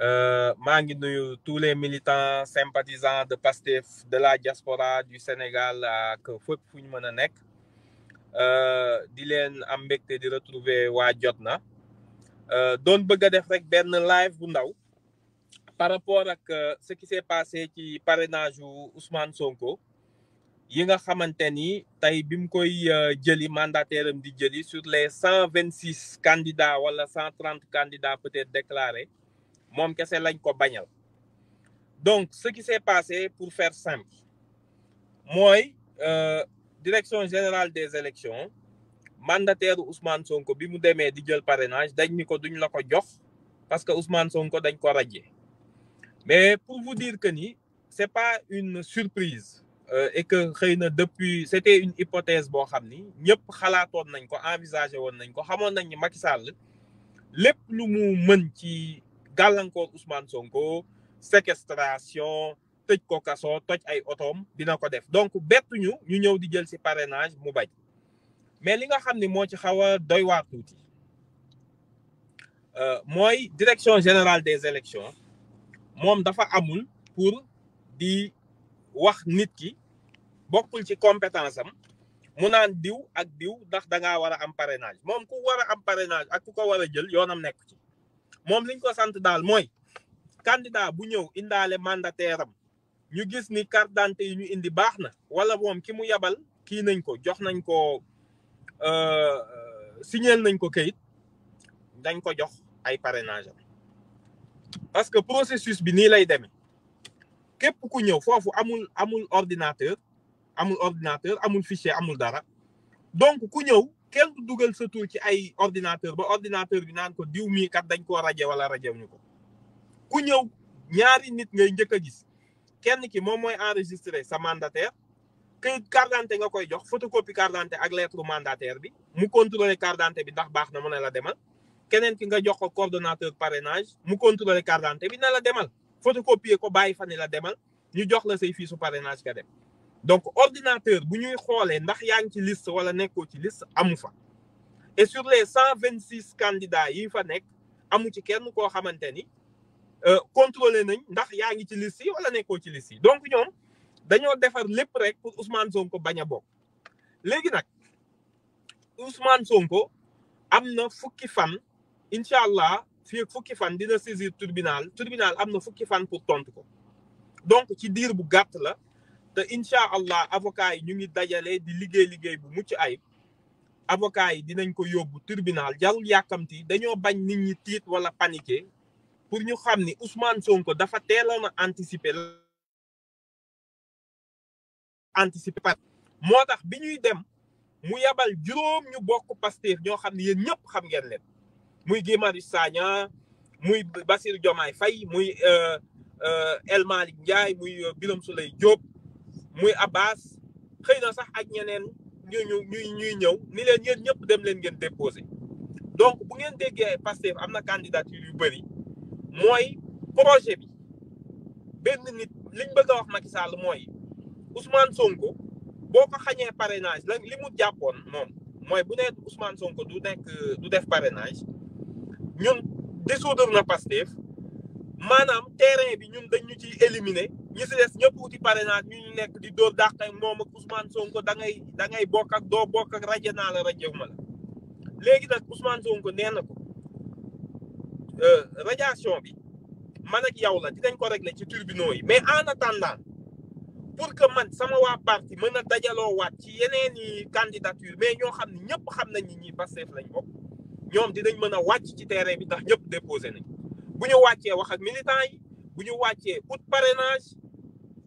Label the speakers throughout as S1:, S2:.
S1: Je euh, tous les militants sympathisants de PASTEF de la diaspora du Sénégal ak de fu ñu mën euh, de di retrouver Wadjotna. Jotna euh, doon bëgg live bu par rapport à ce qui s'est passé ci parrainage jour Ousmane Sonko il y a un tey mandataire di sur les 126 candidats ou 130 candidats peut-être déclarés donc ce qui s'est passé pour faire simple moi, euh, direction générale des élections mandataire Ousmane Sonko parrainage ni parce que Ousmane Sonko dañ mais pour vous dire que ni c'est pas une surprise euh, et que depuis c'était une hypothèse bon les ni envisagé ni gàllankoor Ousmane Sonko séquestration tëj ko toj ay otoom dina ko def donc bettuñu ñu ñëw di jël si parrainage mu bañ mais li nga xam ni moo ci xaw a doy waar tuuti euh, mooy direction générale des élections moom dafa amul pour di wax nit ki bokkul ci compétence am mu naan diw ak diw ndax da ngaa war a am parrainage moom ku war a am parrainage ak ku ko war a jël yoonam nekk ci moom liñ ko sant daal mooy candidat bu ñëw indaale mandateram ñu gis ni carte d'identité indi baax na wala moom ki mu yabal kii nañ ko jox nañ ko euh, euh, signeel nañ ko kayit dañ ko jox ay parrainage parce que processus bi nii lay demee képp ku ñëw foofu amul amul ordinateur amul ordinateur amul fichier amul dara donc ku ñëw kenn dugal sa tur ci ay ordinateur ba ordinateur bi naan ko diw mii kat dañ koo raje wala rajew ñu ko ku ñëw ñaari nit ngay njëkk a gis kenn ki moom mooy enregistré sa mandataire këyit carte d'identité nga koy jox photocopie carte d'identité ak lettre mandataire bi mu contrôler carte bi ndax baax na mu ne la demal keneen ki nga jox ko coordonnateur parrainage mu contrôler carte bi ne la demal photocopier ko bàyyi fa ne la demal ñu jox la say fiisu parrainage nga dem donc ordinateur bu ñuy xoolee ndax yaa ngi ci liste wala nekkoo ci liste amu fa et sur les 126 vingt six candidats yi fa nekk amu ci kenn koo xamante ni euh, contrôler nañ ndax yaa ci liste yi wala nekkoo ci liste donc ñoom dañoo defar lépp rek pour Ousmane Sonko bañ a bokk léegi Ousmane Sonko am na fukki fan incha allah fii ak fukki fan dina saisir tribunal tribunal am na fukki fan pour tontu ko donc ci diir bu gàtt la. te incha allah avocat yi ñu ngi dajale di liggéey liggéey bu mucc ay avocat yi dinañ ko yóbbu tribunal jarul yàkkamti dañoo bañ nit ñi tiit wala paniqué pour ñu xam ni Ousmane Sonko dafa teeloon a anticiper anticiper moo tax bi ñuy dem mu yabal juróom ñu bokk Pastef ñoo xam ne yéen ñëpp xam ngeen leen muy Guy Marius muy Bassirou Diomaye Faye muy euh, euh, El Malick Ndiaye muy euh, Birame Souleye Diop muy Abbas xëy na sax ak ñeneen ñu ñu ñuy ñuy ñëw ni leen yéen ñëpp dem leen ngeen déposé donc bu ngeen déggee Pastef am na candidature yu bëri mooy projet bi benn nit liñ bëgg a wax Macky Sall mooy Ousmane Sonko boo ko xañee parrainage la li mu jàppoon moom mooy bu nekk Ousmane Sonko du nekk du def parrainage ñun dissoudre na Pastef maanaam terrain bi ñun dañu ci éliminer ñi si des ñëpp uti ñu nekk di dóor dàqay moom ak Ousmane Sonko da ngay da bokk ak doo bokk ak rajo naa la rajo ma la léegi nag Ousmane Sonko nee na ko euh, radiation bi man ak yow la dinañ ko rek régler ci tribunaux yi mais en attendant pour que man sama waa parti mën a dajaloo waat ci yeneen i mais ñoo xam ne ñëpp xam nañ ni ñii Pastef lañ bokk ñoom dinañ mën a wàcc ci terrain bi ndax ñëpp déposé nañ bu ñu wàccee wax ak militant yi bu ñu wàccee ut parrainage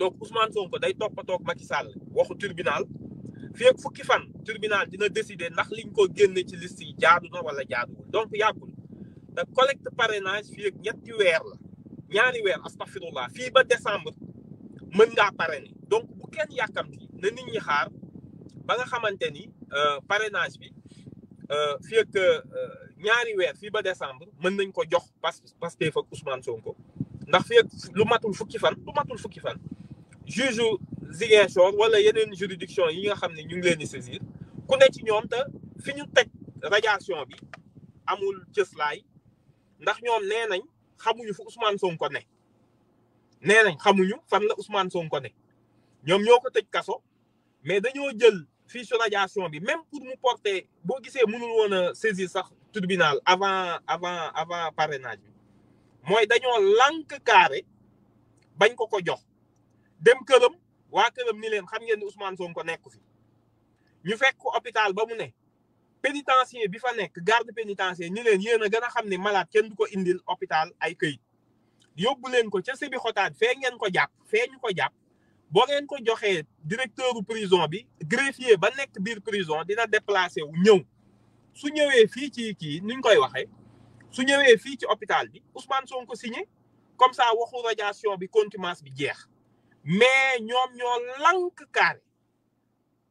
S1: donc Ousmane Sonko day toppatoog Macky Sall waxu tribunal fii ak fukki fan tribunal dina décider ndax liñ ko génne ci liste yi jaadu na wala jaaduwul donc yàggul te collecte parrainage fii ak ñetti weer la ñaari weer astafirullah fii ba décembre mën ngaa parrainer donc bu kenn yàkkamti na nit ñi xaar ba nga xamante ni parenage bi fii ak ñaari weer fii ba décembre mën nañ ko jox Pastef ak Ousmane Sonko ndax fii ak lu matul fukki fan lu matul fukki fan juge chose wala yeneen juridiction yi nga xam ne ñu ngi leen di saisir ku ne ci ñoom te fi ñu teg radiation bi amul cëslaay ndax ñoom nee nañ xamuñu fu Ousmane Sonko ne nee nañ xamuñu fan la Ousmane Sonko ne ñoom ñoo ko tëj kaso mais dañoo jël fiche radiation bi même pour mu porter boo gisee mënul woon a saisir sax tribunal avant avant avant parrainage bi mooy dañoo lank carré bañ ko ko jox dem këram waa këram ni leen xam ngeen ni soon ko nekku fi ñu fekk ko hôpital ba mu ne pénitencier bi fa nekk garde pénitencier ñu leen yéen a gën a xam ne malaat kenn du ko indil hôpital ay këyit yóbbu leen ko ca Sébi xotaat fee ngeen ko jàpp fee ñu ko jàpp boo ngeen ko joxee directeuru prison bi greffier ba nekk biir prison dina déplacé wu ñëw su ñëwee fii ci kii nuñ koy waxee su ñëwee fii ci hôpital bi Ousmane Sonko signé comme saa waxu radiation bi contumace bi jeex mais ñom ñoo lank carré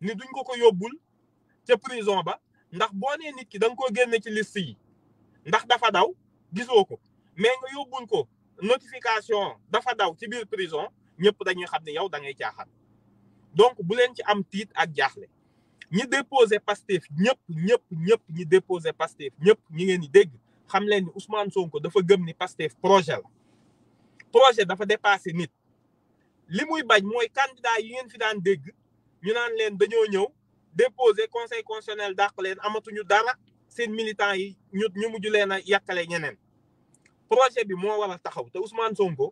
S1: ni duñ ko ko yobul ci prison ba ndax bo né nit ki da nga koo génne ci liste yi ndax dafa daw gisoko mais nga yóbbul ko notification dafa daw ci biir prison ñepp dañuy xam yow da ngay caaxaan donc bu leen ci am titre ak jaxlé ñi déposé Pastef ñepp ñepp ñepp ñi déposé Pastef ñepp ñi ngeen di dégg xam leen ni Ousmane Sonko dafa gëm ni Pastef projet la projet dafa dépassé nit li muy bañ mooy candidat yi ngeen fi daan dégg ñu naan leen dañoo ñëw déposer conseil constitutionnel dàq leen amatuñu dara seen militants yi ñu ñu mujj leen a yàqale ñeneen projet bi moo war a taxaw te Ousmane Sonko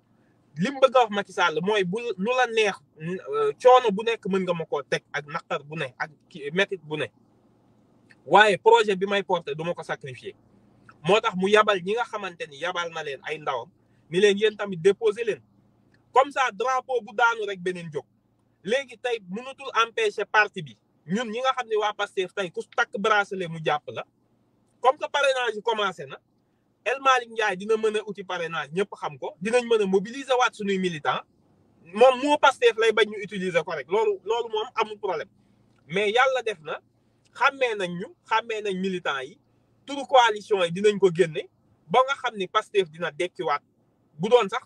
S1: li bëgg a wax Macky Sall mooy bu lu la neex euh, coono bu nekk mën nga ma koo teg ak naqar bu ne ak métit bu ne waaye projet bi may porter du ma ko sacrifier moo tax mu yabal ñi nga xamante ni yabal na leen ay ndawam ni leen yéen tamit déposer leen comme ça drapeau bu daanu rek benen jóg léegi tay mënatul empêcher parti bi ñun ñi nga xamni ne pasteur tay ku tak bracelet mu japp la comme que parrainage commencé na El malik Ndiaye dina mëna outil uti parrainage ñëpp xam ko dinañ mëna mobiliser waat suñu militant mom mo pasteur lay bañ ñu utiliser ko rek lolu loolu moom amul problème mais yalla def na xamé nañ ñu xamé nañ militant yi tout coalition yi dinañ ko génne ba nga xamni pasteur dina dékki dekkiwaat bu doon sax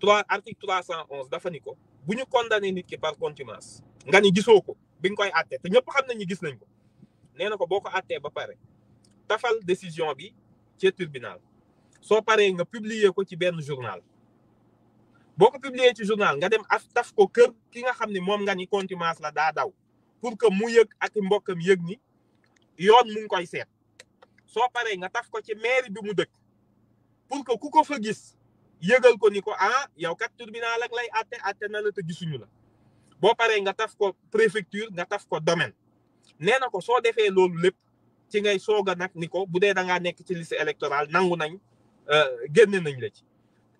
S1: trois article trois cent onze dafa ni ko bu ñu condamné nit ki par contumace nga ni gisoo ko bi nga koy àttee ñëpp xam na ni gis nañ ko nee na ko boo ko àttee ba pare tafal décision bi ci tribunal soo paree nga publier ko ci benn journal boo ko publier ci journal nga dem af taf ko kër ki nga xam ni moom nga ni contumace la daa daw pour que mu yëg ak mbokkam yëg ni yoon mu ngi koy seet soo paree nga taf ko ci mairie bi mu dëkk pour que ku ko fa gis yëgal ko ni ko ah yow kat tribunal ak lay atte atte na la te gisuñu la boo paree nga taf ko préfecture nga taf ko domaine nee na ko soo defee loolu lépp ci ngay soog a nag ni ko bu dee da ngaa nekk ci liste électorale nangu nañ euh, génne nañ la ci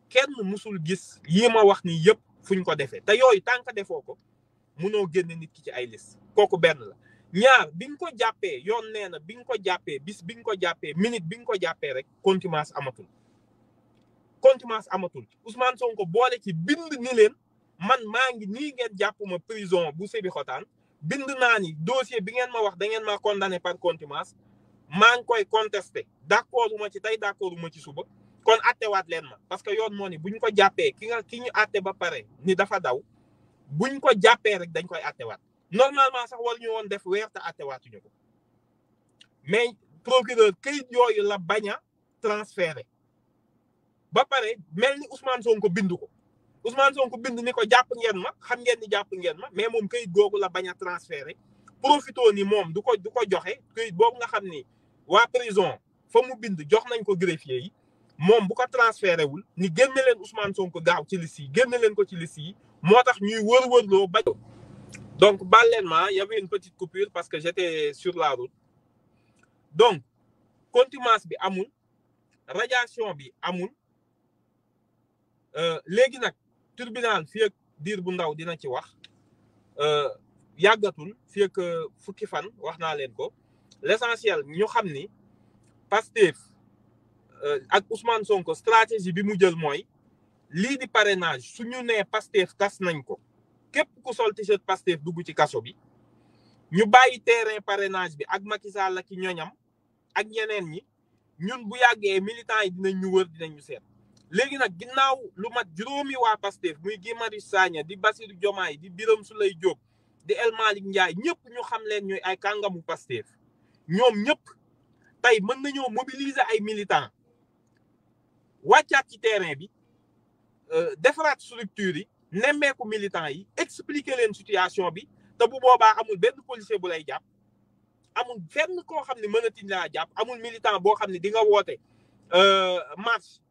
S1: kenn musul gis yi ma wax ni yëpp fuñ ko defee te yooyu tànk defoo ko munoo génne nit ki ci ay liste kooku benn la ñaar bi nga ko jàppee yoon nee na bi nga ko jàppee bis bi nga ko jàppee minute bi nga ko jàppee rek contumace amatul contumace amatul Ousmane Sonko boole ci bind ni leen man maa ngi nii ngeen jàpp ma prison bu Sébikotane bind naa ni dossier bi ngeen ma wax da ngeen ma condamné par contumace maa ngi koy contesté d'accord uma ci tey d'accord uma ci suba kon attewaat leen ma parce que yoon moo ni bu ñu ko jàppee ki nga ki ñu atte ba pare ni dafa daw bu ñu ko jàppee rek dañ koy attewaat normalement sax war ñu woon def weer te attewaatuñu ko mais procureur këyit yooyu la bañ a transféré ba paré melni Ousmane Sonko bindu ko Ousmane Sonko bind ni ko japp ngén ma xam ngén ni japp ngén ma mais mom këyit gogou la bañ transféré profitons ni mom du quoi du quoi joxe que nga xam ni prison fa mu bind jox nañ ko greffier yi moom bu ko transféré wul ni génné len Ousmane Sonko gaaw ci liste yi ici leen ko ci liste yi ñuy wër-wërloo donc baal il y avait une petite coupure parce que j'étais sur la route donc contumace bi amul radiation bi amul Euh, léegi nag tribunal fii ak diir bu ndaw dina ci wax euh, yàggatul fii euh, fukki fan wax naa leen ko l'essentiel ñu xam ni Pastef ak Ousmane Sonko stratégie bi mu jël mooy lii di parrainage suñu nee Pastef tas nañ ko képp ku sol t-shirt dugg ci kaso bi ñu bàyyi terrain parenage bi ak Macky Sall ñoñam ak yeneen ñi ñun bu yàggee militants yi dinañ ñu wër dinañ ñu seet léegi nak ginnaw lu mat juroomi wa Pastef muy di di di El ñu xam leen ñoy ay Pastef ñom ñepp mobiliser ay militants terrain bi euh, structure yi militants yi expliquer leen situation bi te bu boba amul benn policier bu lay japp amul fenn ko xamni la japp amul militant bo xamni di nga euh, marche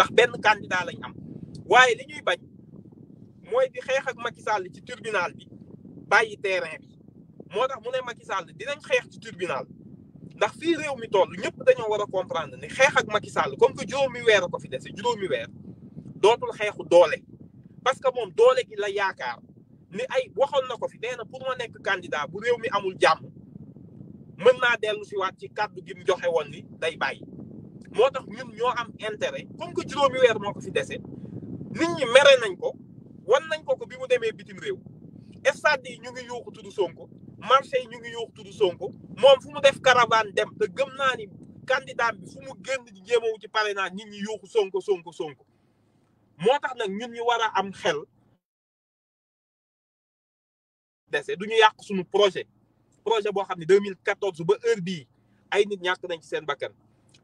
S1: ndax benn candidat lañ am waaye li ñuy bañ mooy di xeex ak Macky Sall ci tribunal bi bàyyi terrain bi moo tax mu ne Macky Sall dinañ xeex ci tribunal ndax fii réew mi toll ñëpp dañoo war a comprendre ni xeex ak Macky Sall comme que juróomi weer a ko fi dese juróomi weer dootul xeexu doole parce que moom doole gi la yaakaar ni ay waxoon na ko fi nee na pour ma nekk candidat bu réew mi amul jàmm mën naa dellu si waat ci kàddu gi mu joxe woon ni day bàyyi moo tax ñun ñoo am intérêt comme que juróomi weer moo ko fi dese nit ñi mere nañ ko wan nañ ko ko bi mu demee bitim réew stade yi ñu ngi yuuxu tudd Sonko marché yi ñu ngi yuuxu tudd Sonko moom fu mu def caravane dem gëm naa ni candidat bi fu mu génn di jéemawu ci parrainage nit ñi yuuxu Sonko Sonko Sonko moo tax nag ñun war a am xel dese du ñu yàq sunu projet projet boo xam ne su ba heure bii ay nit ñàkk nañ ci seen bakkan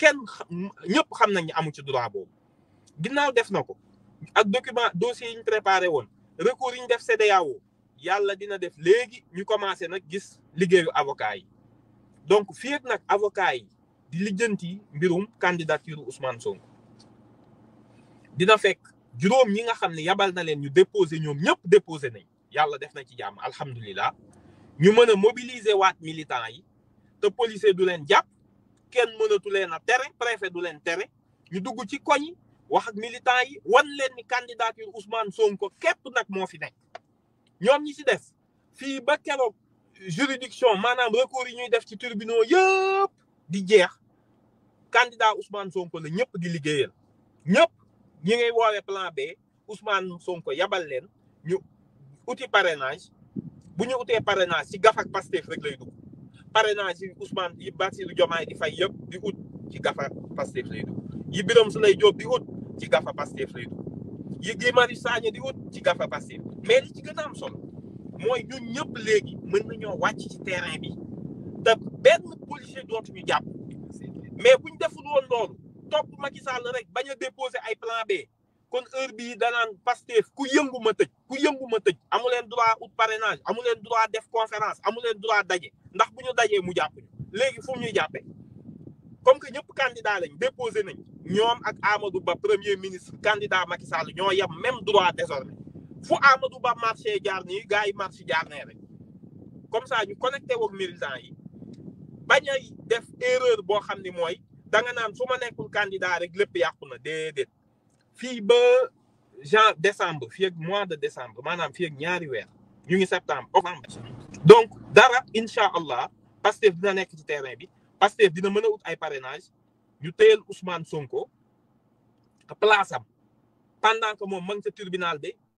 S1: kenn ñëpp xam nañ ne amu ci droit boobu ginnaaw def na ko ak document dossier yi ñu préparé woon recours yi ñu def CEDEAO yàlla dina def léegi ñu commencé nag gis liggéeyu avocat yi donc fii nag avocat yi di lijjanti mbirum candidature Ousmane Sonko dina fekk juróom ñi nga xam ni yabal na leen ñu déposé ñoom ñëpp déposé nañ yàlla def na ci jàmm alhamdulilah ñu mën a mobiliser waat militant yi te policier du leen jàpp. kenn mënatu leen a tere préfet du leen tere ñu dugg ci koñ yi wax ak militant yi wan len ni candidature Ousmane Sonko képp nak mo fi nek ñom ñi ci def fi ba keroog juridiction manam recours ñuy def ci tribunaux yëpp di jeex candidat Ousmane Sonko la ñëpp di liggéeyal ñëpp ñi ngay woowee plan B Ousmane Sonko yabal len ñu outil parrainage bu ñu utee parrainage ci gaf ak Pastef rek lay dugg. parrainage yi Ousmane yi Bassirou Diomaye di fay yëpp di ut ci gafa Pastef lay dugg yi Birame Souleye Diop di ut ci gafa Pastef lay dugg yi Guy Marius Sagna di ut ci gafa Pastef mais li ci gën solo mooy ñun ñëpp léegi mën nañoo wàcc ci terrain bi te benn policier dootuñu jàpp mais buñ deful woon loolu topp Macky Sall rek bañ a déposer ay plan B kon heure bii danaan Pastef ku yëngu ma tëj ku yëngu ma tëj amu leen droit ut parrainage amu leen droit def conférence amu leen droit daje ndax bu ñu dajee mu jàpp ñu léegi fu ñuy jàppee comme que ñëpp candidat lañ déposé nañ ñoom ak Amadou Ba premier ministre candidat Macky Sall ñoo yem même droit désormais fu Amadou Ba marché jaar nii gars yi marché jaar nee rek comme ça ñu connecté woog militants yi bañ a def erreur boo xam ni mooy danga naan su ma nekkul candidat rek lépp yàqu na déedéet. fibre décembre mois de décembre manam septembre donc dara incha allah dina nek ci terrain bi parrainage ñu Ousmane Sonko pendant que mom ci tribunal